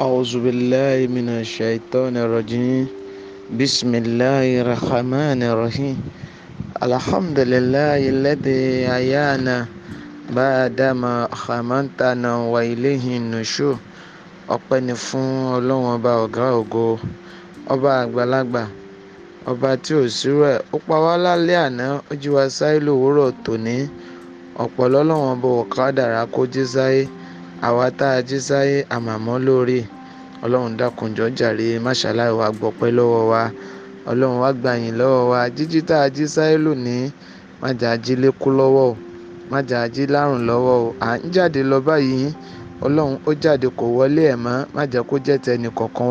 أعوذ بالله من الشيطان الرجيم بسم الله الرحمن الرحيم الحمد لله الذي أيانا بعدما خمنتنا وإليه النشور ọpẹ́ ni fún ọlọ́run ọba ọ̀gá ògo ọba àgbàlagbà ọba tí ò sírú ẹ̀ ó pa wá lálẹ́ àná ó jí wa sáyé lòwúrọ̀ tòní ọ̀pọ̀ lọ́lọ́run ọba ọ̀kadà rà kó jí sáyé. àwa tá a jí sáyé àmàmọ́ lórí ọlọ́run dákunjọ́ jàre máṣáláì wa gbọ́pẹ́ lọ́wọ́ wa ọlọ́run wá gbà yín lọ́wọ́ wa jíjí tá a jí sáyé lónìí má jà á jí lékú lọ́wọ́ o má jà á jí lárùn lọ́wọ́ o à ń jáde lọ báyìí ọlọ́run ó jáde kò wọlé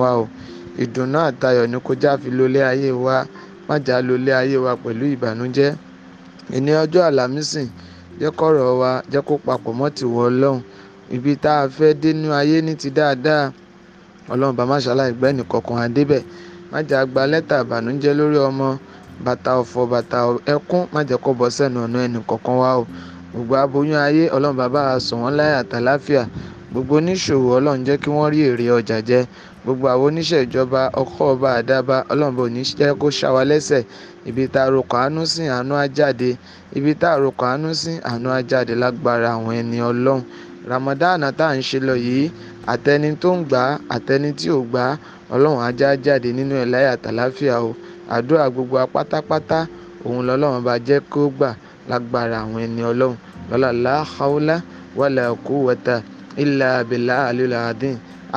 wa o ìdùnnú àtayọ̀ ni já fi lólé wa má jà á lólé ayé wa wa jẹ́ kó papọ̀ mọ́ ọlọ́run ibi tá a fẹ́ dé nínú ayé ní ti dáadáa ọlọ́run bá má ṣàlàyé gbẹ́ nìkọ̀ọ̀kan àdébẹ̀ má jẹ́ àgbà lẹ́tà ìbànújẹ́ lórí ọmọ bàtà ọ̀fọ̀ bàtà ẹkún má jẹ́ kó bọ́ sẹ́nu ọ̀nà ẹnì kọ̀ọ̀kan wá o gbogbo aboyún ayé ọlọ́run bàbá sọ wọ́n láyà àtàláfíà gbogbo oníṣòwò ọlọ́run jẹ́ kí wọ́n rí èrè ọjà jẹ gbogbo àwọn oníṣẹ́ ìjọba ọkọ̀ ọba àdába ọlọ́run bò ní jẹ́ kó ṣá wa lẹ́sẹ̀ ibi tá a rokọ̀ àánú sìn àánú á ibi tá a rokọ̀ àánú sìn àánú á lágbára àwọn ẹni ọlọ́run ramadan tá à ń ṣe lọ yìí àtẹni tó ń gbà á àtẹni tí ò gbà á ọlọ́run ajá jáde nínú ẹ̀ láyà tàlàáfíà o àdúrà gbogbo apátápátá òun lọ́lọ́run bá jẹ́ kó gbà lágbára àwọn ẹni ọlọ́run lọ́la láhàólá wàlà kú wẹ̀tà ilà abìlà àlùlà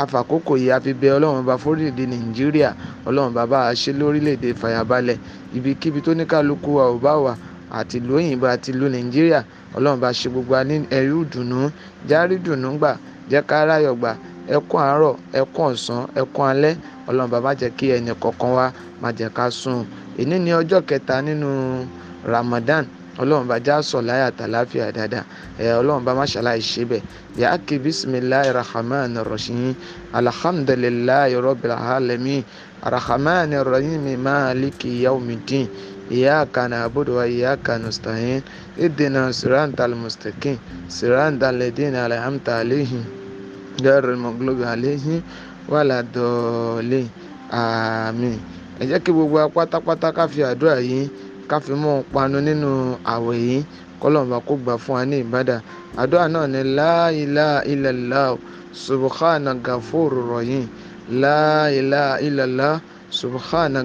afàkókò yìí a fi bẹ ọlọ́run bá fórílẹ̀ nàìjíríà ọlọ́run bàbá àṣẹ lórílẹ̀ fàyàbalẹ̀ ibikíbi tó wa ò bá wà àtìlú òyìnbó àtìlú nàìjíríà ọlọ́run bá ṣe gbogbo ní ẹ̀rí ìdùnnú járí ìdùnnú gbà jẹ́ ká ráyọ̀ gbà ẹkún àárọ̀ ẹkún ọ̀sán ẹkún alẹ́ ọlọ́run bá má jẹ́ kí ẹnì kọ̀ọ̀kan wa má jẹ́ ká sùn èní ni ọjọ́ kẹta nínú Ramadan ọlọ́run bá já sọ láyà tàlàfíà dáadáa ẹ ọlọ́run bá má ṣàlàyé ṣe bẹ̀ yàákì bisimilahi rahman rahim alhamdulilayi rabbil alamin rahman rahim maliki yaumidin. إياك نعبد وإياك نستعين اهدنا صراط المستقيم صراط الذين أنعمت عليهم غير المغلوب عليهم ولا الضالين آمين ẹ jẹ́ kí gbogbo apátápátá ká fi àdúrà yìí ká fi mọ́ panu nínú àwẹ̀ yìí kọ́lọ́mùbá kó gbà fún wa ní ìbádà àdúrà náà ni la ilaha illallah subhana gafuru rahim la ilaha illallah subhana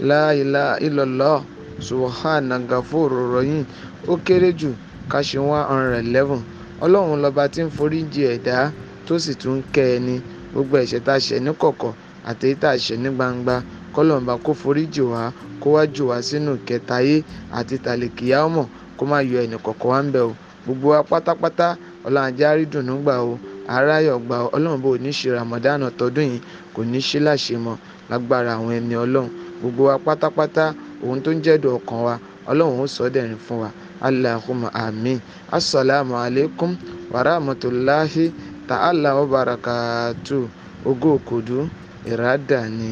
la ilaha illallah subhana gafuru rọyìn ó kéré jù káṣí one hundred eleven ọlọ́run lọ́ba tí ń foríjì ẹ̀dá tó sì tún ń kẹ́ ẹni gbogbo ẹ̀ṣẹ̀ tá a ṣẹ̀ ní kọ̀kọ̀ àti èyí tá a ṣẹ̀ ní gbangba kọ́lọ́mbà kó foríjì wá kó wá jù wá sínú kẹtàyé àti tàlẹ́kìyà ọmọ kó má yọ ẹnì kọ̀ọ̀kan wá ń bẹ̀ o gbogbo wa pátápátá ọlọ́run ajá rí dùnú gbà o aráyọ̀ gbà o ọlọ́run bò ní ṣe ramadan tọdún yìí kò ní ṣe láṣẹ lágbára àwọn ẹni ọlọ́run gbogbo wa pátápátá ohun tó ń jẹ́dùn ọkàn wa ọlọ́run ó sọ dẹ̀rín fún wa allahumma amin assalamu alaikum warahmatulahi ta'ala wabarakatu ogókòdú ìrádà ni.